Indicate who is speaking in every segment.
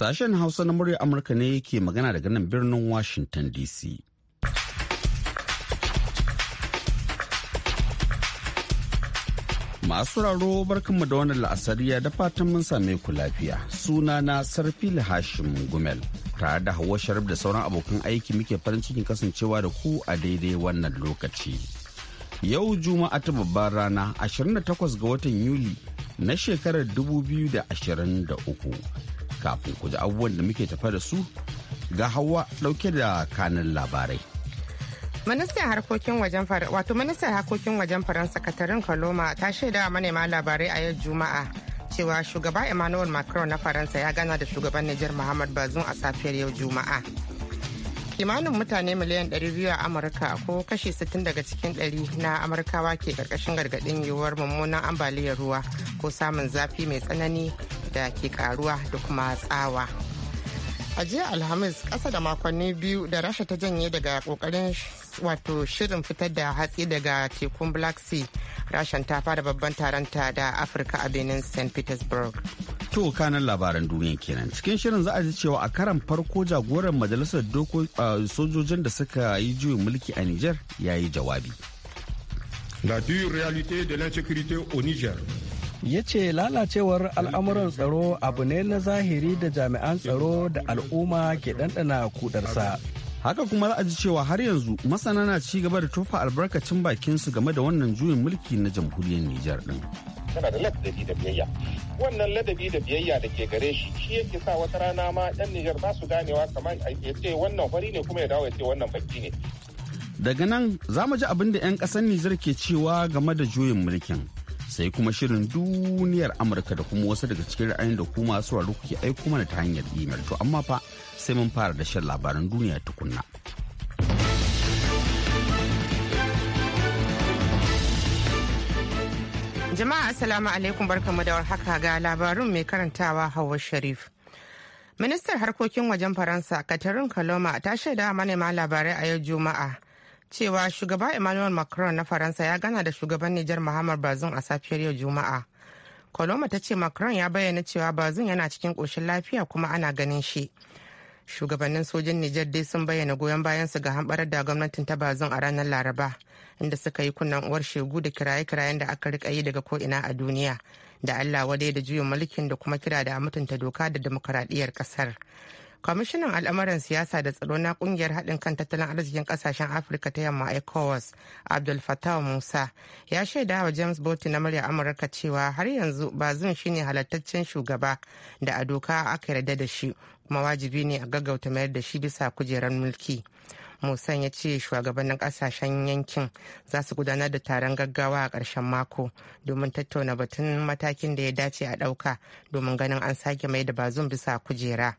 Speaker 1: Sashen Hausa na muryar Amurka ne yake magana daga nan birnin Washington DC. Masu raro barkanmu da wannan la'asariya da fatan mun same ku lafiya. Suna na Sarfil Hashim Gumel. Tare da Hauwa Sharif da sauran abokan aiki muke farin cikin kasancewa da ku a daidai wannan lokaci. Yau Juma'a ta babbar rana 28 ga watan Yuli na shekarar 2023. kafin ku ji abubuwan da muke tafa da su ga hawa dauke da kanin labarai.
Speaker 2: Ministan harkokin wajen wato ministan harkokin wajen Faransa Katarin Kaloma ta shaida manema labarai a yau Juma'a cewa shugaba Emmanuel Macron na Faransa ya gana da shugaban Nijar Muhammad Bazoum a safiyar yau Juma'a. Kimanin mutane miliyan 200 a Amurka ko kashi 60 daga cikin 100 na Amurkawa ke karkashin gargadin yiwuwar mummunan ambaliyar ruwa ko samun zafi mai tsanani da ke karuwa da kuma tsawa. A jiya Alhamis ƙasa da makonni biyu da Rasha ta janye daga ƙoƙarin wato shirin fitar da hatsi daga tekun Black Sea, Rashan ta fara babban taronta da Afirka a Benin St. Petersburg.
Speaker 1: To kanan labaran duniya kenan cikin shirin za a ji cewa a karan farko jagoran majalisar sojojin da suka yi juyin mulki a niger ya yi jawabi.
Speaker 3: La dure réalité de l'insécurité au Niger
Speaker 4: ya ce lalacewar al'amuran tsaro abu ne na zahiri da jami'an tsaro da
Speaker 1: al'umma ke
Speaker 4: ɗanɗana kudarsa.
Speaker 1: haka kuma za a ji cewa har yanzu masana na ci gaba da tofa albarkacin bakinsu game da wannan juyin mulki na jamhuriyar nijar din
Speaker 3: tana da ladabi da biyayya wannan ladabi da biyayya da ke gare shi shi yake sa wata rana ma yan nijar ba su ganewa kamar ya ce wannan fari ne kuma ya dawo ya ce wannan baki ne daga nan
Speaker 1: za mu ji abin da 'yan ƙasar nijar ke cewa game da juyin mulkin sai kuma shirin duniyar amurka da kuma wasu daga cikin ra'ayin da kuma masu raro kuke aiko mana ta hanyar imel to amma fa sai mun fara da shan labaran duniya tukunna
Speaker 2: jama'a assalamu alaikum mu da warhaka ga labarun mai karantawa hawa sharif ministar harkokin wajen faransa katarin kaloma ta shaida manema labarai a yau juma'a cewa shugaba Emmanuel Macron na Faransa ya gana da shugaban Nijar Muhammad Bazoum a safiyar yau Juma'a. Coloma ta ce Macron ya bayyana cewa Bazoum yana cikin ƙoshin lafiya kuma ana ganin shi. Shugabannin sojin Nijar dai sun bayyana goyon bayan su ga hamɓarar da gwamnatin ta Bazoum a ranar Laraba, inda suka yi kunnen uwar shegu da kiraye-kirayen da aka rika yi daga ko'ina a duniya. Da Allah wadai da juyin mulkin da kuma kira da mutunta doka da demokaradiyyar ƙasar. kwamishinan al'amuran siyasa da tsaro na kungiyar haɗin kan tattalin arzikin ƙasashen afirka ta yamma ecowas abdul fatah musa ya shaida wa james botti na murya amurka cewa har yanzu shi shine halattaccen shugaba da a doka aka yarda da shi kuma wajibi ne a gaggauta mayar da shi bisa kujerar mulki musan ya ce shugabannin kasashen yankin za su gudanar da taron gaggawa a ƙarshen mako domin tattauna batun matakin da ya dace a ɗauka domin ganin an sake mai da bazun bisa kujera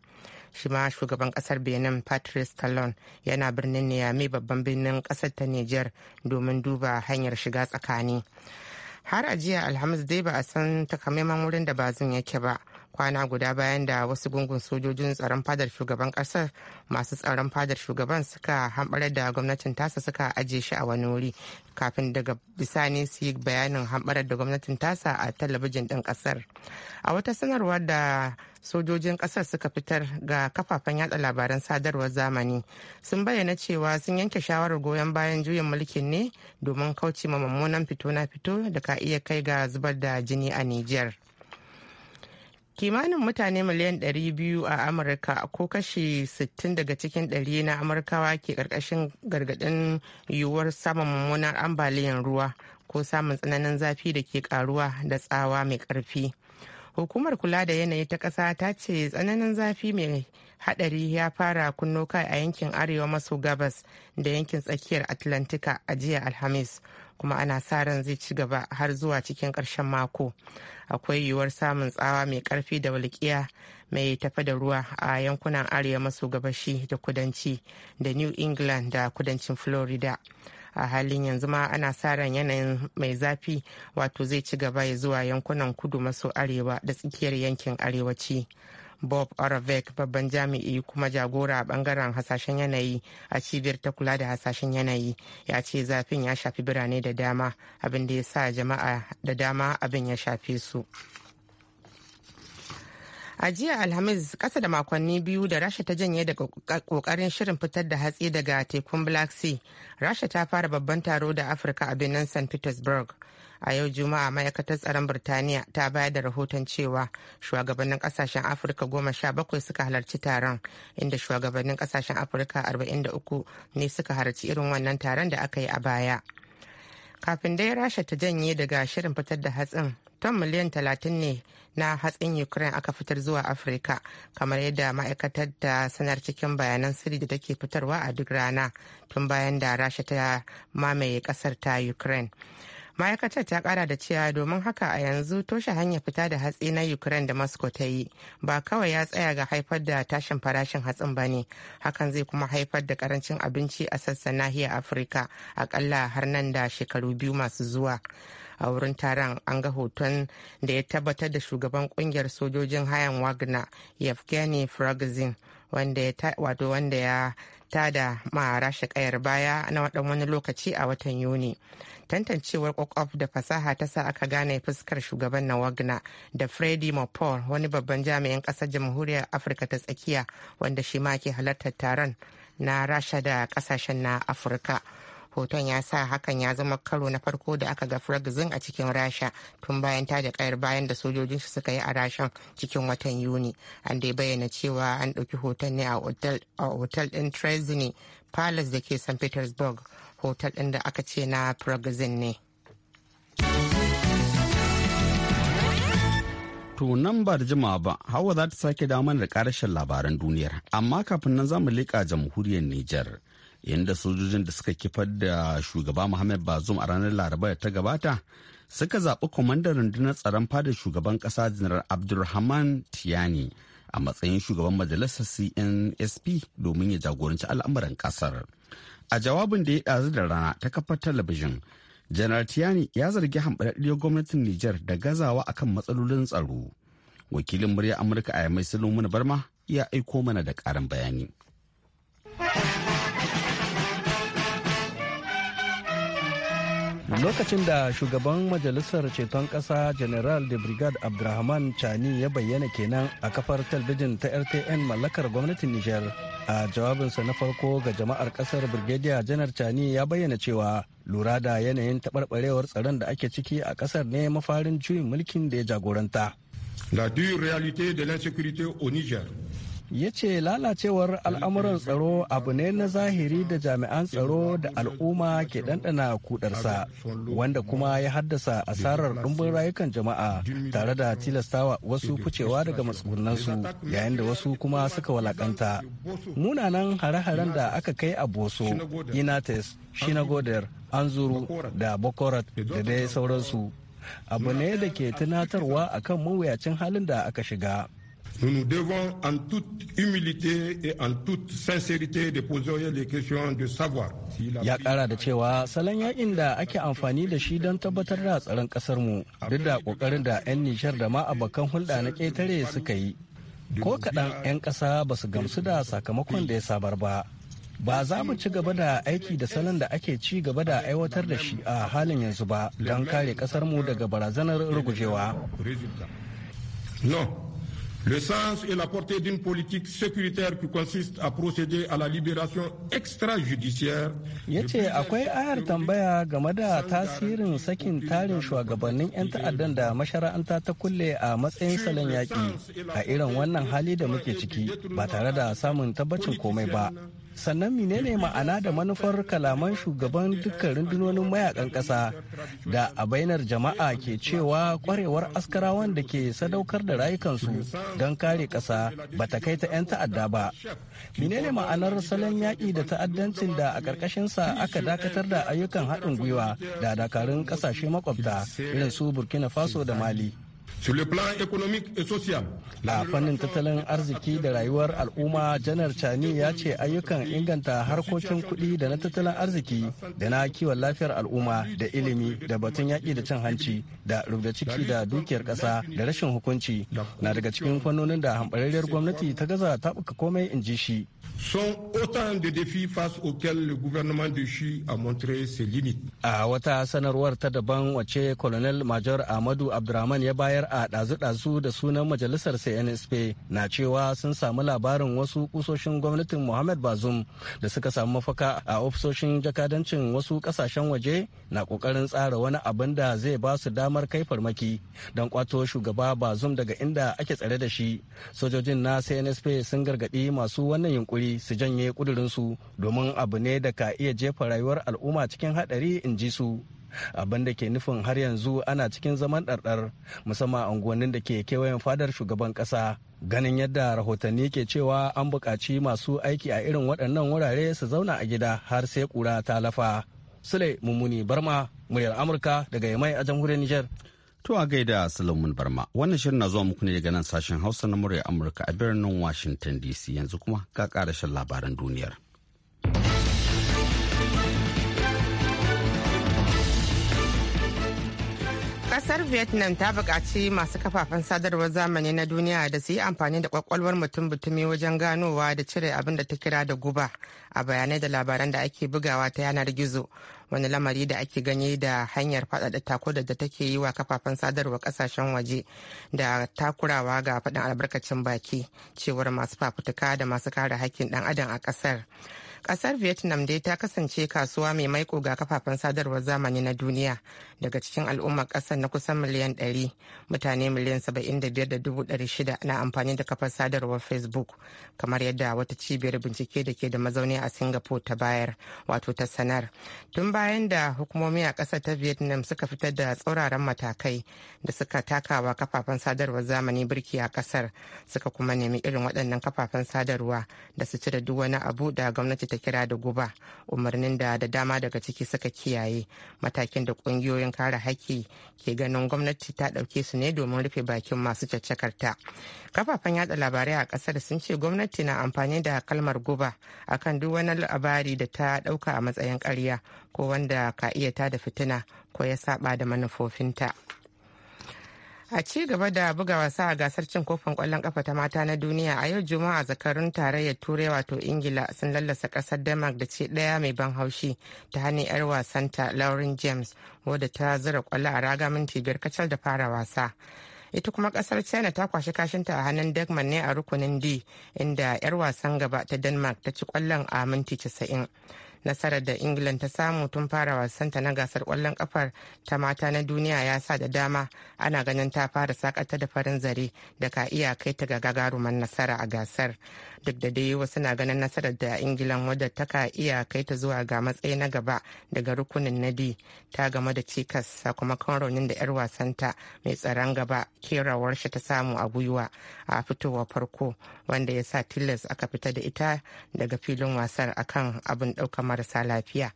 Speaker 2: shi ma shugaban kasar benin patrice talon yana birnin niyami babban birnin kasar ta niger domin duba hanyar shiga tsakani har a jiya alhamis dai ba a san takamaiman wurin da bazin yake ba kwana guda bayan da wasu gungun sojojin tsaron fadar shugaban kasar masu tsaron fadar shugaban suka hambarar da gwamnatin tasa suka ajiye shi a wani wuri kafin daga bisani su yi bayanin hambarar da gwamnatin tasa a talabijin ɗin kasar a wata sanarwa da sojojin kasar suka fitar ga kafafen yada labaran sadarwar zamani sun bayyana cewa sun yanke shawarar goyon bayan juyin mulkin ne domin kauce ma mummunan fito na fito da ka iya kai ga zubar da jini a nijiyar. kimanin mutane miliyan 200 a amurka ko kashi 60 daga cikin 100 na amurkawa ke karkashin gargadin yiwuwar samun mummunar ambaliyan ruwa ko samun tsananin zafi da ke karuwa da tsawa mai karfi hukumar kula da yanayi ta ƙasa ta ce tsananin zafi mai haɗari ya fara kunno kai a yankin arewa maso gabas da yankin tsakiyar atlantika a jiya alhamis kuma ana sa ran zai ci gaba har zuwa cikin ƙarshen mako akwai yiwuwar samun tsawa mai ƙarfi da walƙiya mai tafa da ruwa a yankunan arewa maso gabashi da kudanci da new england da kudancin florida a halin yanzu ma ana sa ran yanayin mai zafi wato zai ci gaba ya zuwa yankunan kudu maso arewa da tsakiyar yankin arewaci bob oravec babban jami'i kuma jagora a bangaren hasashen yanayi a cibiyar ta kula da hasashen yanayi ya ce zafin ya shafi birane da dama abin da ya sa jama'a da dama abin ya shafe su a jiya alhamis kasa da makonni biyu da rasha ta janye daga kokarin shirin fitar da hatsi daga tekun black sea rasha ta fara babban taro da afirka a birnin st petersburg a yau juma'a ma'aikatar tsaron birtaniya ta bayar da rahoton cewa shugabannin kasashen afirka goma sha bakwai suka halarci taron inda shugabannin kasashen afirka arba'in da uku ne suka halarci irin wannan taron da aka yi a baya kafin dai rasha ta janye daga shirin fitar da hatsin ton miliyan talatin ne na hatsin ukraine aka fitar zuwa afirka kamar yadda ma'aikatar da sanar cikin bayanan sirri da take fitarwa a duk rana tun bayan da rasha ta mamaye kasar ta ukraine ma'aikatar ta kara da cewa domin haka a yanzu toshe hanyar fita da hatsi na ukraine da moscow ta yi ba kawai ya tsaya ga haifar da tashin farashin hatsin ba ne hakan zai kuma haifar da karancin abinci a sassan nahiyar afirka akalla har nan da shekaru biyu masu zuwa a wurin taron an ga hoton da ya tabbatar da shugaban kungiyar sojojin hayan wagner yevgeny frogzin wanda ya tada ma rasha kayar baya na wadan wani lokaci a watan yuni tantancewar kokof da fasaha ta sa aka gane fuskar shugaban na wagna da freddy mopol wani babban jami'in kasar jamhuriyar afirka ta tsakiya wanda shi ma ke halartar taron na rasha da kasashen na afirka hoton ya sa hakan ya zama karo na farko da aka ga fragzin a cikin rasha tun bayan ta da kayar bayan da sojojin su suka yi a rashan cikin watan yuni an dai bayyana cewa an ɗauki hoton ne a otal din trezini palace da ke st petersburg hotel ɗin da aka ce na fragzin ne
Speaker 1: to nan ba da jimawa ba hawa za ta sake damar da karashin labaran duniyar amma kafin nan za mu leƙa jamhuriyar nijar yadda sojojin da suka kifar da shugaba Muhammad Bazoum a ranar Laraba da ta gabata suka zaɓi kwamandan rundunar tsaron fadar shugaban ƙasa janar Abdulrahman Tiani a matsayin shugaban majalisar CNSP domin ya jagoranci al'amuran ƙasar. A jawabin da ya ɗazu da rana ta kafar talabijin, janar Tiani ya zargi hamɓarɗiyar gwamnatin Nijar da gazawa akan matsalolin tsaro. Wakilin murya Amurka a yammai Sulaiman Barma ya aiko mana da ƙarin bayani.
Speaker 4: lokacin da shugaban majalisar ceton kasa general de brigade abdulrahman chani ya bayyana kenan a kafar talbijin ta rtn mallakar gwamnatin niger a jawabinsa na farko ga jama'ar kasar brigadier janar chani ya bayyana cewa lura da yanayin taɓarɓarewar tsaron da ake ciki a kasar ne mafarin juyin mulkin da ya
Speaker 3: jagoranta la dure réalité de l'insécurité au niger
Speaker 4: ya ce lalacewar al'amuran tsaro abu ne na zahiri da jami'an tsaro da al'umma ke ɗanɗana kudarsa wanda kuma ya haddasa asarar ɗumbin rayukan jama'a tare da tilastawa wasu ficewa daga matsugunansu yayin da wasu kuma suka walakanta munanan hare-haren da aka kai a boso inates shinagodar anzuru da bokorat da dai sauransu abu ne da ke tunatarwa akan mawuyacin halin da aka shiga Nous nous devons en toute humilité
Speaker 3: et en toute sincérité de poser les questions de savoir.
Speaker 4: Ya kara da cewa salon yakin da ake amfani da shi don tabbatar da tsaron kasarmu duk da ƙoƙarin da 'yan Nijar da ma abokan hulɗa na ƙetare suka yi. Ko kaɗan 'yan ƙasa ba su gamsu da sakamakon da ya sabar ba. ba za mu ci gaba da aiki da salon da ake ci gaba da aiwatar da shi a halin yanzu ba don kare kasarmu daga barazanar rugujewa.
Speaker 3: No, Le sens et la portée d'une politique sécuritaire qui consiste à procéder à la libération extrajudiciaire. Ya ce akwai ayar
Speaker 4: tambaya game da tasirin sakin tarin shugabannin 'yan ta'addan da mashara'anta ta kulle a matsayin salon yaƙi a irin wannan hali da muke ciki ba tare da samun tabbacin komai ba. sannan menene ma'ana da manufar kalaman shugaban dukkan rundunonin mayakan ƙasa da a bainar jama'a ke cewa kwarewar askarawan da ke sadaukar da rayukansu don kare ƙasa ba ta kai ta 'yan ta'adda ba menene ma'anar salon yaƙi da ta'addancin da a ƙarƙashinsa aka dakatar da ayyukan haɗin gwiwa da dakarun ƙasashe makwabta irin su burkina faso da mali A fannin tattalin arziki da rayuwar al'umma janar Chani ya ce ayyukan inganta harkokin kuɗi da na tattalin arziki da na kiwon lafiyar al'umma da ilimi da batun yaƙi da cin hanci da rubda ciki da dukiyar ƙasa da rashin hukunci na daga cikin fannonin da hambarariyar gwamnati ta gaza taɓuka komai in ji shi. autant de défis le gouvernement de a wata sanarwar ta daban wace Colonel Major Ahmadu abdulrahman ya bayar bayar a ɗazu-ɗazu da sunan majalisar CNSP na cewa sun samu labarin wasu kusoshin gwamnatin Muhammad Bazum da suka samu mafaka a ofisoshin jakadancin wasu ƙasashen waje na ƙoƙarin tsara wani abin da zai ba su damar kai farmaki don kwato shugaba Bazum daga inda ake tsare da shi. Sojojin na CNSP sun gargaɗi masu wannan yunkuri su janye ƙudurinsu domin abu ne da ka iya jefa rayuwar al'umma cikin haɗari in ji su. abin da ke nufin har yanzu ana cikin zaman ɗarɗar musamman unguwannin da ke kewayen fadar shugaban ƙasa ganin yadda rahotanni ke cewa an buƙaci masu aiki a irin waɗannan wurare su zauna a gida har sai ƙura ta lafa sule
Speaker 1: mummuni barma muryar amurka daga yamai a jamhuriyar niger to a gaida salamun barma wannan shirin na zuwa muku ne daga nan sashen hausa na muryar amurka a birnin washington dc yanzu kuma
Speaker 2: ga ƙarashin labaran duniyar. Kasar Vietnam ta buƙaci masu kafafen sadarwar zamani na duniya da su yi amfani da kwakwalwar mutum butumi wajen ganowa da cire abin da ta kira da guba a bayanai da labaran da ake bugawa ta yanar gizo wani lamari da ake gani da hanyar faɗaɗa takodar da take yi wa kafafen sadarwar kasashen waje da takurawa ga faɗin albarkacin baki cewar masu fafutuka da masu kare hakkin ɗan adam a ƙasar. kasar vietnam dai ta kasance kasuwa mai maiko ga kafafen sadarwar zamani na duniya daga cikin al'ummar kasar na kusan miliyan 100 mutane miliyan 75,600 na amfani da kafar sadarwar facebook kamar yadda wata cibiyar bincike da ke da mazauni a singapore ta bayar wato ta sanar tun bayan da hukumomi a kasar ta vietnam suka fitar da tsauraran matakai da suka takawa kafafen sadarwar zamani birki a kasar suka kuma nemi irin waɗannan kafafen sadarwa da su cire duk wani abu da gwamnati ta kira da guba umarnin da da dama daga ciki suka kiyaye matakin da kungiyoyin kare haƙƙi ke ganin gwamnati ta ɗauke su ne domin rufe bakin masu caccakarta kafafen yada labarai a ƙasar sun ce gwamnati na amfani da kalmar guba akan duk wani labari da ta ɗauka a matsayin ƙarya ko wanda ka iya tada fitina ko ya saba da manufofinta. a ci gaba da buga wasa a gasar cin kofin kwallon kafa ta mata na duniya a yau juma'a zakarun tarayyar turai wato ingila sun lallasa kasar denmark da ce daya mai ban haushi ta hannun yar ta lauren james wadda ta zura kwallo a raga minti biyar kacal da fara wasa ita kuma kasar china ta kwashi kashinta a hannun dagman ne a rukunin d inda yar wasan gaba ta denmark ta ci kwallon a minti 90 nasarar da england ta samu tun fara wasanta na gasar kwallon kafar ta mata na duniya ya sa da dama ana ganin ta fara sakata da farin zare da ka iya kai ta ga gagaruman nasara a gasar duk da dai wasu na ganin nasarar da ingilan wadda ta ka iya kai ta zuwa ga matsayi na gaba daga rukunin na bi ta game da cikas sakamakon raunin da 'yar wasanta mai tsaron gaba kerawar shi ta samu a gwiwa a fitowa farko wanda ya sa tilas aka fita da ita daga filin wasar akan abin ɗaukar marasa lafiya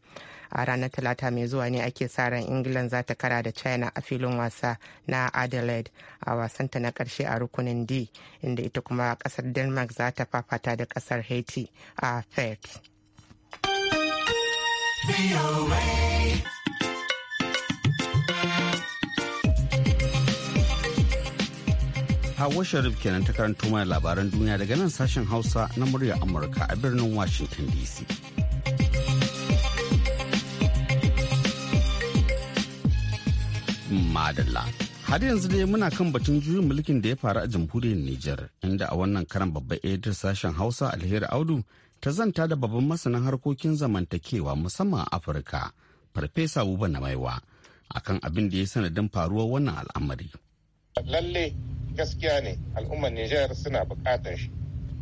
Speaker 2: a ranar talata mai zuwa ne ake sa ran england za ta kara da china a filin wasa na adelaide a wasanta na karshe a rukunin d inda ita kuma kasar denmark za ta fafata da kasar haiti a fet
Speaker 1: Hawa Sharif kenan ta karanto mana labaran duniya daga nan sashen Hausa na murya Amurka a birnin Washington DC. Madalla. Har yanzu dai muna kan batun juyin mulkin da ya faru a jamhuriyar Nijar, inda a wannan karan babban editor sashen Hausa Alheri Audu ta zanta da babban masanin harkokin zamantakewa musamman a Afirka, Farfesa Buba na Maiwa, akan abin da ya sanadin faruwar wannan al'amari.
Speaker 3: Lalle gaskiya ne al'ummar Nijar suna bukatar shi.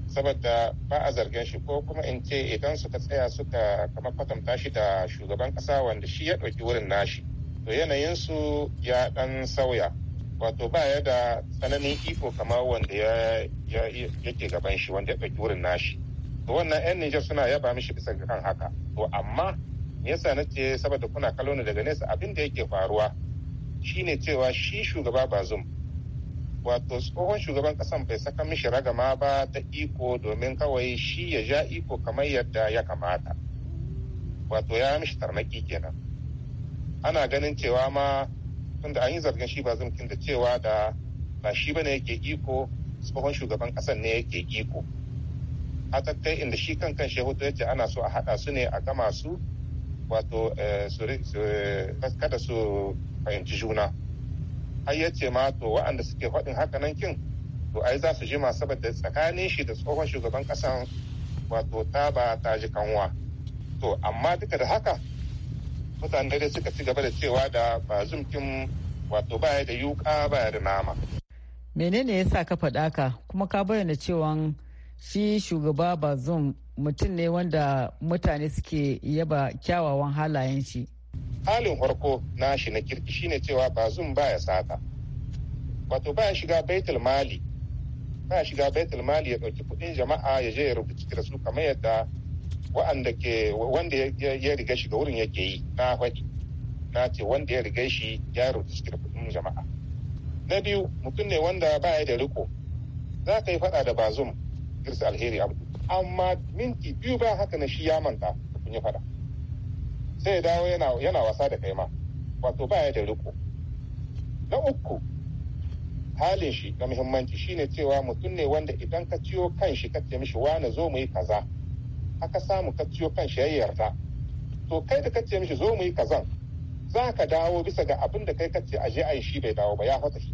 Speaker 3: saboda ba a zargin shi ko kuma in ce idan suka tsaya suka kama kwatanta shi da shugaban kasa wanda shi ya ɗauki wurin nashi to yanayinsu ya dan sauya wato ba ya da tsananin iko kamar wanda ya yake gaban shi wanda ya ɗauki wurin nashi to wannan 'yan Nijar suna yaba mishi bisa kan haka to amma me yasa na ce saboda kuna kallo daga nesa abin da yake faruwa shine cewa shi shugaba bazum wato tsohon shugaban kasan bai saka mishi ragama ba ta iko domin kawai shi ya ja iko kamar yadda ya kamata wato ya mishi tarnaki kenan ana ganin cewa ma tunda an yi zargin shi ba zumkin da cewa da ba shi bane yake iko tsohon shugaban kasan ne yake iko a tattai inda shi kan kan shehu ya ana so a hada su ne a gama su wato eh, eh, kada su fahimci juna har ya ce ma to waɗanda suke faɗin haka nan kin to ai za su jima saboda tsakanin shi da tsohon shugaban kasan wato ta ba ta ji kanwa to amma duka da haka mutane da suka ci gaba da cewa da ba zumkin wato baya da yuka baya da nama
Speaker 4: menene yasa ka faɗa ka kuma ka bayyana cewa shi shugaba ba zum mutum ne wanda mutane suke yaba kyawawan halayen shi
Speaker 3: halin farko na shi na kirki shine cewa zum baya sata wato baya shiga baitul mali baya shiga baitul mali ya ɗauki kuɗin jama'a ya je ya rubuci da su kamar yadda wa'anda ke wanda ya riga shi ga wurin yake yi na faɗi na ce wanda ya riga shi ya rujistar kudin jama'a na biyu mutum ne wanda baya da riko za ka yi faɗa da bazum girsa alheri abu amma minti biyu ba haka na shi ya manta kun yi faɗa sai ya dawo yana wasa da kai ma wato baya da riko na uku halin shi na muhimmanci shine cewa mutum ne wanda idan ka ciyo kan shi ka ce mishi wane zo mu yi kaza Aka samu ka ciyo kan shi to kai da ce mishi zo mu yi kazan za ka dawo bisa ga abin da kai ce aje a yi shi bai dawo ba ya fata shi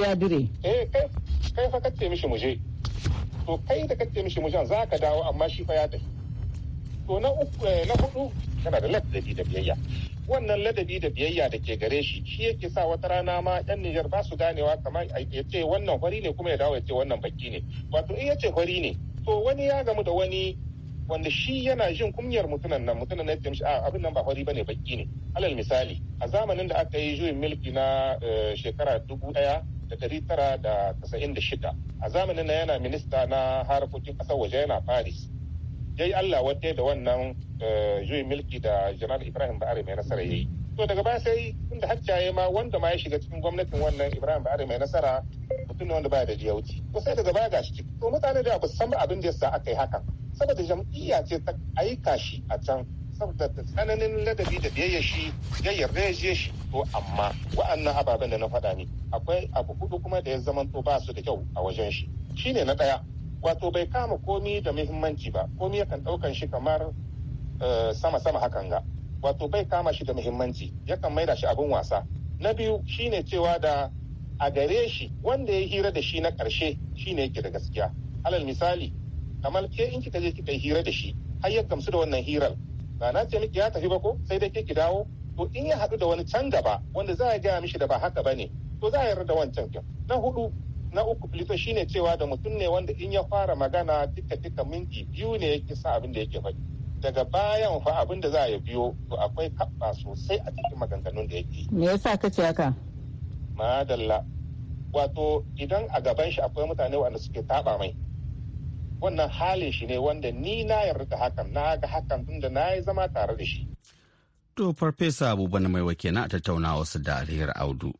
Speaker 3: ya dire eh kai kai fa ce mishi muje to kai da ce mishi mujan za ka dawo amma shi fa ya tafi to na uku eh, na hudu kana da ladabi da biyayya wannan ladabi da biyayya da ke gare shi shi yake sa wata rana ma yan Nijar ba su ganewa kamar ya ce wannan fari ne kuma ya dawo ya ce wannan baki ne wato in ya ce fari ne to wani ya gamu da wani wanda shi yana jin kunyar mutunan nan mutunan nan ya a abin nan ba fari bane baki ne alal misali a zamanin da aka yi juyin milki na eh, shekara dubu daya da dari tara da tasa'in da shida a zamanin na yana minista na harkokin ƙasar waje yana paris yi allah wadda da wannan eh, juyin milki da janar ibrahim ba'ari mai nasara ya yi to daga baya sai inda haccaye ma wanda ma ya shiga cikin gwamnatin wannan ibrahim ba'ari mai nasara mutum ne wanda baya da jiyauci to sai daga baya gashi to mutane da ba san abin da yasa aka yi hakan saboda jam'iyya ce ta aika shi a can saboda da tsananin ladabi da biyayya shi ya yarda ya je shi to amma wa'annan ababen da na faɗa ne akwai abu hudu kuma da ya zamanto ba su da kyau a wajen shi shine na ɗaya wato bai kama komi da muhimmanci ba komi yakan ɗaukan shi kamar eh, sama-sama hakan ga wato bai kama shi da muhimmanci yakan maida shi abin wasa na biyu shine cewa da a gare shi wanda ya hira da shi na ƙarshe shine yake da gaskiya alal misali amma ke in kika je kika hira da shi har ya gamsu da wannan hirar ba na ce miki ya tafi ba ko sai dai ke ki dawo to in ya haɗu da wani can gaba wanda za a gaya mishi da ba haka bane to za a yarda da wancan kin na hudu na uku filito shine cewa da mutum ne wanda in ya fara magana duka duka minti biyu ne yake sa abin da yake faɗi daga bayan fa abin da za a biyo to akwai kaɓa sosai a cikin maganganun da yake
Speaker 2: me yasa ce haka
Speaker 3: madalla wato idan a gaban shi akwai mutane wanda suke taɓa mai wannan halin shi ne wanda ni na yarda da hakan na ga hakan tun da na yi zama tare da shi.
Speaker 1: To farfesa abubuwan mai wake na tattauna wasu da audu.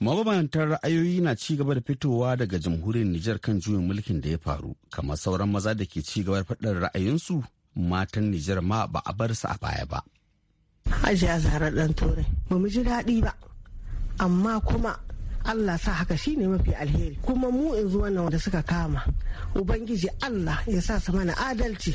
Speaker 1: Mabambantan ra'ayoyi na ci gaba da fitowa daga jamhuriyar Nijar kan juyin mulkin da ya faru, kamar sauran maza da ke ci gaba da faɗin ra'ayinsu matan Nijar ma ba a bar su a baya ba.
Speaker 2: Ajiya zarar ɗan turai, ba mu ji daɗi ba, amma kuma Allah sa haka shi ne mafi alheri kuma mu in zuwa nan da suka kama ubangiji Allah ya sa su mana adalci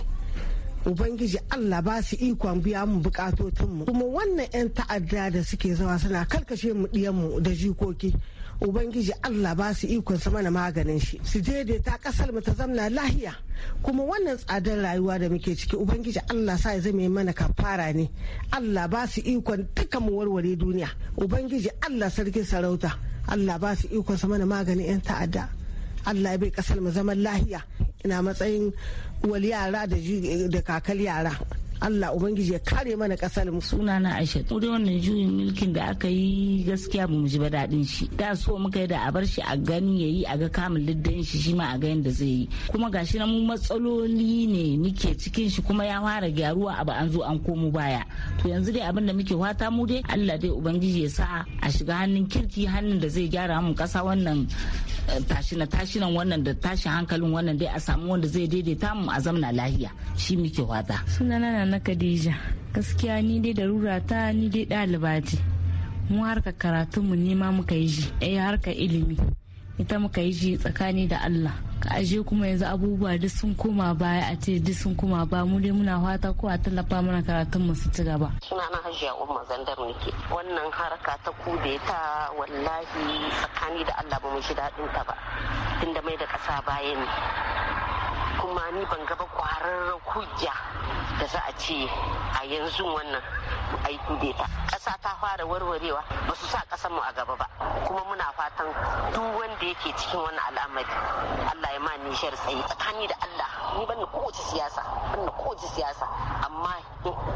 Speaker 2: Ubangiji Allah ba su ikon biya mu mu kuma wannan 'yan ta'adda da suke zawa suna karkashe mu mu da jikoki Ubangiji Allah ba su ikon su mana maganin shi su daidaita kasar mu ta zamna lahiya kuma wannan tsadar rayuwa da muke ciki Ubangiji Allah sa ya zame mana kafara ne Allah ba su ikon duka mu warware duniya Ubangiji Allah sarkin sarauta allah ba su ikon su mana maganin 'yan ta'adda allah ya bai kasar mu zaman lahiya ina matsayin wal yara da kakal yara Allah ubangiji ya kare mana kasar mu suna na Aisha mu dai wannan juyin mulkin da aka yi gaskiya bamu ji ba dadin shi da so muka yi da a bar shi a gani yayi a ga kamun liddan shi shi ma a ga yanda zai yi kuma gashi na mu matsaloli ne muke cikin shi kuma ya fara gyaruwa abu an zo an komo baya to yanzu dai abin da muke fata mu dai Allah dai ubangiji ya sa a shiga hannun kirki hannun da zai gyara mu kasa wannan eh, tashina nan wannan da tashi hankalin wannan dai a samu wanda zai daidaita mu a zamna lahiya shi muke fata sunana na Khadija. Gaskiya ni dai da rura ta ni dai ɗaliba ce. Mu harka karatu mu nema muka yi shi, eh harka ilimi. Ita muka yi shi tsakani da Allah. Ka aje kuma yanzu abubuwa duk sun koma baya a ce duk sun koma ba mu dai muna fata ko a tallafa mana karatun mu su ci gaba. Suna na hajiya umma zandar nake. Wannan harka ta kude ta wallahi tsakani da Allah ba mu ji daɗin ta ba. Tunda mai da ƙasa baya domin ma ni ban gaba kwararren kujya da za a ce a yanzu wannan ai ta. ƙasa ta fara warwarewa ba su sa ƙasar mu a gaba ba kuma muna fatan duk wanda yake cikin wannan al'amari Allah ya ma nishar tsaye tsakani da Allah ni ban kowace siyasa ban kowace siyasa amma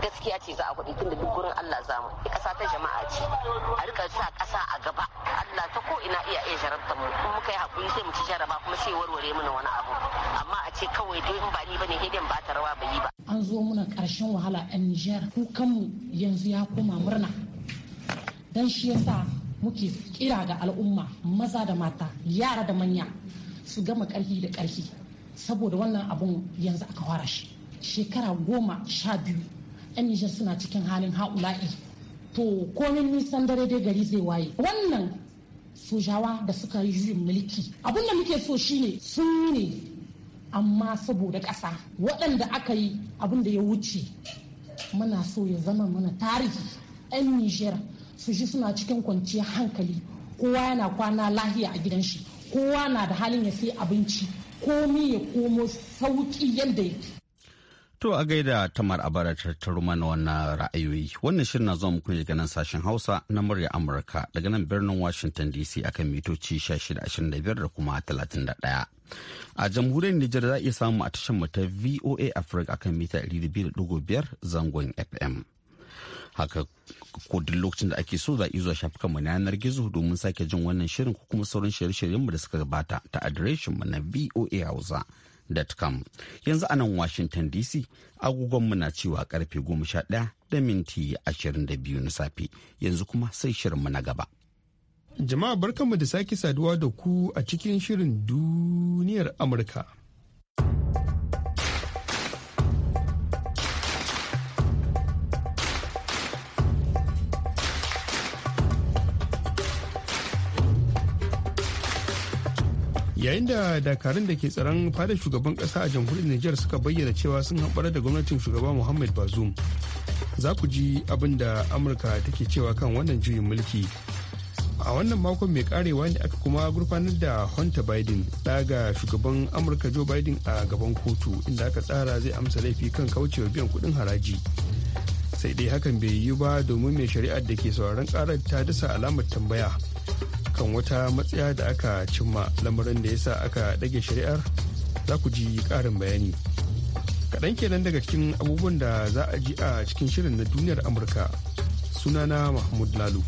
Speaker 2: gaskiya ce za a kuɗi tunda duk gurin Allah za mu ƙasa ta jama'a ce a rika sa ƙasa a gaba Allah ta ko ina iya iya jarabta mu kuma muka yi hakuri sai mu ci jaraba kuma sai warware mana wani abu amma a ce kawai kawai dai in ba ni bane ne ba ta rawa ba yi ba an zo muna karshen wahala a Nijar kukanmu yanzu ya koma murna dan shi yasa muke kira ga al'umma maza da mata yara da manya su gama ƙarfi da karfi saboda wannan abun yanzu aka fara shi shekara goma sha biyu yan nijar suna cikin halin haula'i to komin nisan dare dai gari zai waye wannan sojawa da suka yi mulki abun da muke so shine sun yi ne amma saboda ƙasa waɗanda aka yi abin da ya wuce muna so ya zama mana tarihi 'yan nijar su shi suna cikin kwanciyar hankali kowa yana kwana lahiya a gidan shi kowa na da halin ya sai abinci komi ya komo sauƙi yadda yake
Speaker 1: To a gaida tamar abara tattaro mana wannan ra'ayoyi. Wannan shirin na zuwa muku ne daga nan sashen Hausa na murya Amurka daga nan birnin Washington DC akan mitoci 1625 da kuma 31. A jamhuriyar Nijar za a iya samu a tashar mu ta VOA Africa akan mita 200.5 zangon FM. haka ko duk lokacin da ake so za a zuwa shafukan mu na yanar gizo domin sake jin wannan shirin ko kuma sauran shirye-shiryen mu da suka gabata ta adireshin mu na voa hausa. com yanzu a nan washington dc agogonmu na cewa karfe 11 da minti 22 na safe yanzu kuma sai shirinmu na gaba jama'a barkanmu da sake saduwa
Speaker 5: da ku a cikin shirin duniyar amurka yayin da dakarun da ke tsaron fadar shugaban kasa a jamhuriyar niger suka bayyana cewa sun haɓar da gwamnatin shugaba muhammad bazoum za ku ji abin da amurka take cewa kan wannan juyin mulki a wannan makon mai karewa ne aka kuma gurfanar da hunter biden daga shugaban amurka joe biden a gaban kotu inda aka tsara zai amsa laifi kan kaucewa biyan kudin haraji sai dai hakan bai yi ba domin mai shari'ar da ke sauraron karar ta dasa alamar tambaya kan wata matsaya da aka cimma lamarin da ya sa aka ɗage shari'ar za ku ji ƙarin bayani kaɗan kenan daga cikin abubuwan da za a ji a cikin shirin na duniyar amurka sunana mahmud lalu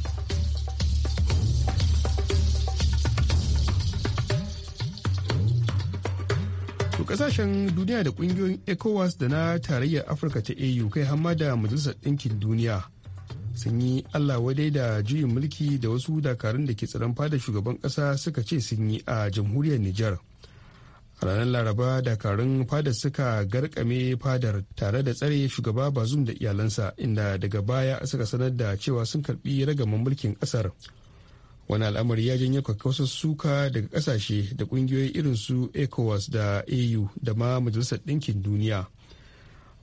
Speaker 5: kasashen duniya da kungiyoyin ecowas da na tarayyar afirka ta au kai hamma da majalisar ɗinkin duniya sun yi allah wadai da juyin mulki da wasu dakarun da ke tsaron fada shugaban kasa suka ce sun yi a jamhuriyar nijar a ranar laraba dakarun fada suka garkame fadar tare da tsare shugaba bazum da iyalansa inda daga baya suka sanar da cewa sun karbi ragaman mulkin kasar wani al'amari ya janyo kakkausar suka daga kasashe da kungiyoyi irin su ecowas da au da ma majalisar ɗinkin duniya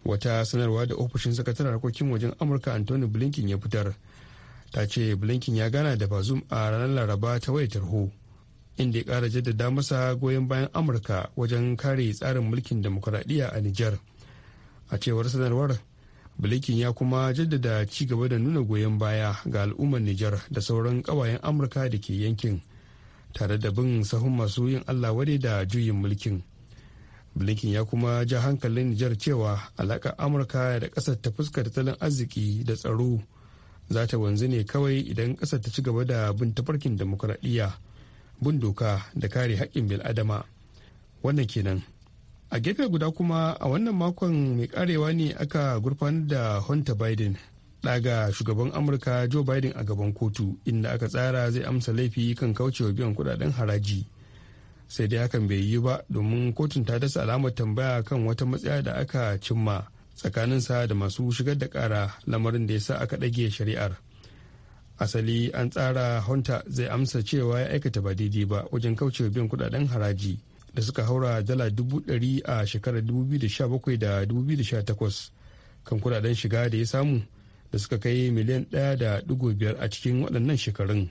Speaker 5: wata sanarwa da ofishin sakataren harkokin wajen amurka anthony blinken ya fitar ta ce blinken ya gana da bazum a ranar laraba ta waya tarho inda ya kara jaddada masa goyon bayan amurka wajen kare tsarin mulkin demokuraɗiyya a niger a cewar sanarwar blinken ya kuma jaddada ci gaba da nuna goyon baya ga al'ummar niger da sauran ƙawayen amurka da ke yankin tare da bin sahun masu yin allah wade da juyin mulkin blinken ya kuma ja hankalin nijar cewa alaƙar amurka da ƙasar ta fuska tattalin arziki da tsaro za ta wanzu ne kawai idan ƙasar ta ci gaba da bin tafarkin demokuraɗiyya bin doka da kare haƙƙin bil'adama wannan kenan a gefe guda kuma a wannan makon mai karewa ne aka gurfanar da hunter biden ɗaga shugaban amurka joe biden a gaban kotu inda aka tsara zai amsa laifi kan kaucewa biyan kudaden haraji sai dai hakan bai yi ba domin kotun ta dasa alamar tambaya kan wata matsaya da aka cimma tsakanin sa da masu shigar da kara lamarin da ya sa aka ɗage shari'ar asali an tsara hunter zai amsa cewa ya aikata ba daidai ba wajen kaucewa biyan kudaden haraji da suka haura dala dubu ɗari a shekarar 2017 da 2018 kan kudaden shiga da ya samu da suka kai miliyan ɗaya da biyar a cikin waɗannan shekarun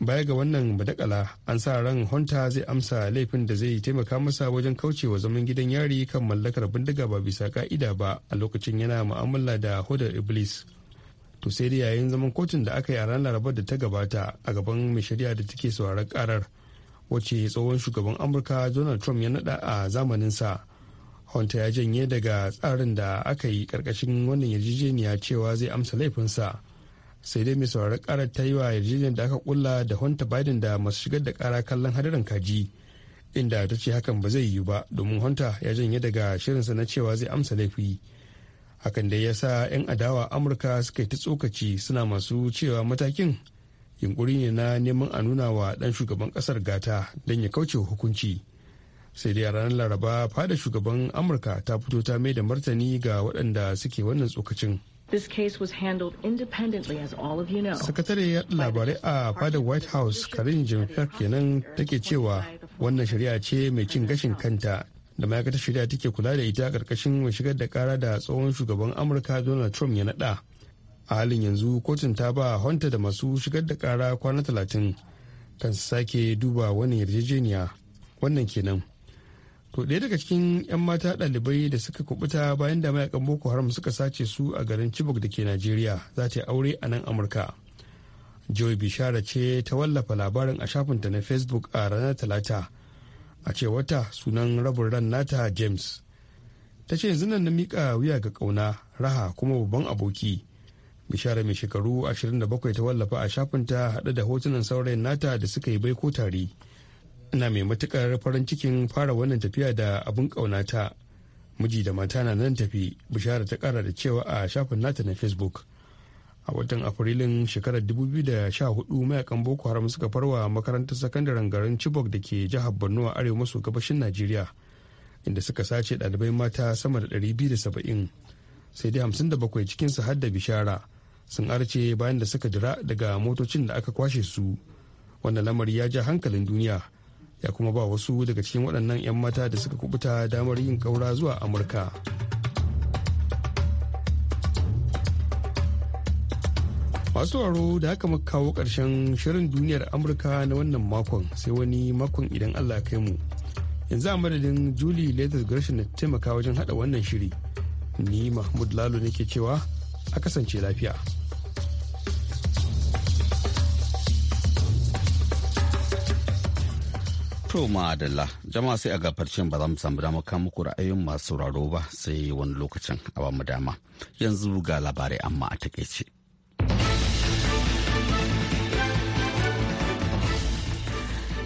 Speaker 5: baya ga wannan badakala an sa ran honta zai amsa laifin da zai taimaka masa wajen kaucewa zaman gidan yari kan mallakar bindiga ba bisa ka'ida ba a lokacin yana mu'amala da hodar iblis to sai dai yayin zaman kotun da aka yi a ranar larabar da ta gabata a gaban mai shari'a da take sauraron karar wacce tsohon shugaban amurka donald trump ya nada a zamaninsa honta ya janye daga tsarin da aka yi karkashin wannan yarjejeniya cewa zai amsa laifinsa sai dai mai saurari kara ta yi wa yarjejeniyar da aka kulla da Hunter biden da masu shigar da kara kallon hadarin kaji inda ta ce hakan ba zai yiwu ba domin Hunter ya janye daga shirinsa na cewa zai amsa laifi hakan da ya sa 'yan adawa amurka suka yi ta tsokaci suna masu cewa matakin yunkuri ne na neman a nuna wa dan shugaban kasar gata don ya kauce hukunci sai dai a ranar laraba fada shugaban amurka ta fito ta mai da martani ga waɗanda suke wannan tsokacin
Speaker 4: was Sakatariyar
Speaker 5: labarai a fadar White House Karin jean kenan take cewa wannan shari'a ce mai cin gashin kanta da ma'aikatar shari'a take kula da ita karkashin mai shigar da kara da tsohon shugaban Amurka Donald Trump ya nada. A halin yanzu kotun ta ba honta da masu shigar da kara kwana talatin kan sake duba wannan yarjejeniya wannan kenan. to ɗaya daga cikin 'yan mata ɗalibai da suka kubuta bayan da mayakan boko haram suka sace su a garin chibok da ke najeriya za ta yi aure a nan amurka joy bishara ce ta wallafa labarin a shafinta na facebook a ranar talata a wata sunan rabin ran nata james ta ce yanzu nan na miƙa wuya ga ƙauna raha kuma babban aboki bishara mai shekaru 27 ta wallafa a shafinta haɗe da hotunan saurayin nata da suka yi baiko tare ina mai matukar farin cikin fara wannan tafiya da abin ƙaunata miji da mata na nan tafi bishara ta kara da cewa a shafin nata na facebook a watan afrilun shekarar 2014 mayakan boko haram suka farwa makarantar sakandaren garin chibok da ke jihar borno a arewa maso gabashin najeriya inda suka sace ɗalibai mata sama da 270 sai dai 57 cikinsu har da bishara sun arce bayan da suka jira daga motocin da aka kwashe su wannan lamari ya ja hankalin duniya ya kuma ba wasu daga cikin waɗannan 'yan mata da suka kubuta damar yin ƙaura zuwa amurka masu tsoro da aka muka kawo ƙarshen shirin duniyar amurka na wannan makon sai wani makon idan allah kai mu yanzu a madadin julie leather gershon na taimaka wajen haɗa wannan shiri ni mahmud lalo nake cewa a kasance lafiya.
Speaker 1: To ma'adalla jama'a sai a gafarcin ba za mu samu dama kan muku ra'ayin masu sauraro ba sai wani lokacin a ba mu dama. Yanzu ga labarai amma a takaice.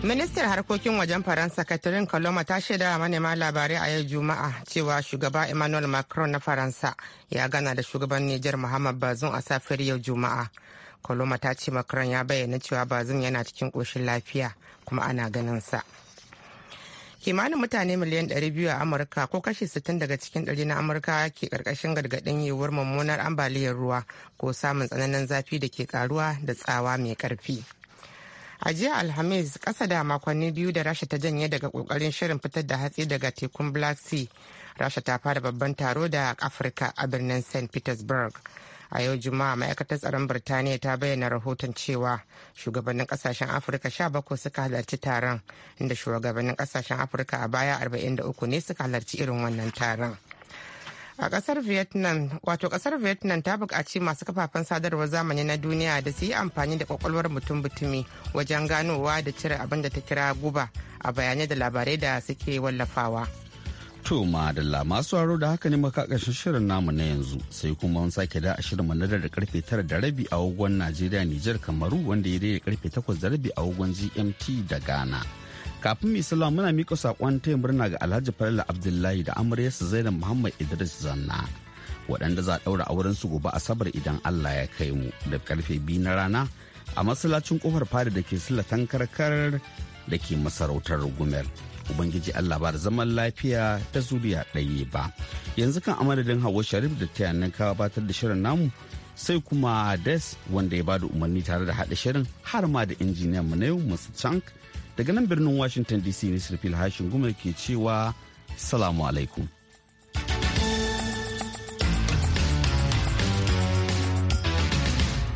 Speaker 2: Ministan harkokin wajen Faransa Catherine Coloma ta shaida manema labarai a yau Juma'a cewa shugaba Emmanuel Macron na Faransa ya gana da shugaban Nijar Muhammad Bazoum a safiyar yau Juma'a. Coloma ta ce Macron ya bayyana cewa Bazoum yana cikin koshin lafiya kuma ana ganin sa. kimanin mutane miliyan 200 a amurka ko kashi 60 daga cikin ɗari na amurka ke karkashin gargadin yiwuwar mummunar ambaliyar ruwa ko samun tsananin zafi da ke karuwa da tsawa mai karfi. a jiya alhamis ƙasa da makonni biyu da rasha ta janye daga kokarin shirin fitar da hatsi daga tekun black sea rasha ta fara babban taro da afirka a birnin st petersburg a yau juma'a ma'aikatar tsaron birtaniya ta bayyana rahoton cewa shugabannin kasashen afirka 17 suka halarci taron inda shugabannin kasashen afirka a baya 43 ne suka halarci irin wannan taron a kasar vietnam wato kasar vietnam ta buƙaci masu kafafen sadarwar zamani na duniya da su yi amfani da kwakwalwar mutum butumi wajen ganowa da cire abin da ta kira guba a bayanai da labarai da suke wallafawa
Speaker 1: To madalla masu haro da haka ne maka shirin namu na yanzu sai kuma mun sake da shirin mu na da karfe tara da rabi a wagon Najeriya Niger Kamaru wanda ya daidai karfe takwas da rabi a wagon GMT da Ghana. Kafin mu islam muna miƙa saƙon tayin murna ga Alhaji Falala Abdullahi da su Zainab Muhammad Idris Zanna. Waɗanda za a ɗaura auren su gobe Asabar idan Allah ya kai mu da karfe biyu na rana a masallacin kofar fari da ke sila karkar da ke masarautar Gumel. ubangiji allah ba da zaman lafiya ta zuriya ɗaya ba yanzu kan amadadin hawa sharif da ta yanar batar da shirin namu sai kuma des wanda ya bada umarni tare da haɗa shirin har ma da injiniyan mu na yau masu cank daga nan birnin washington dc ne sirfil hashin gumar ke cewa salamu alaikum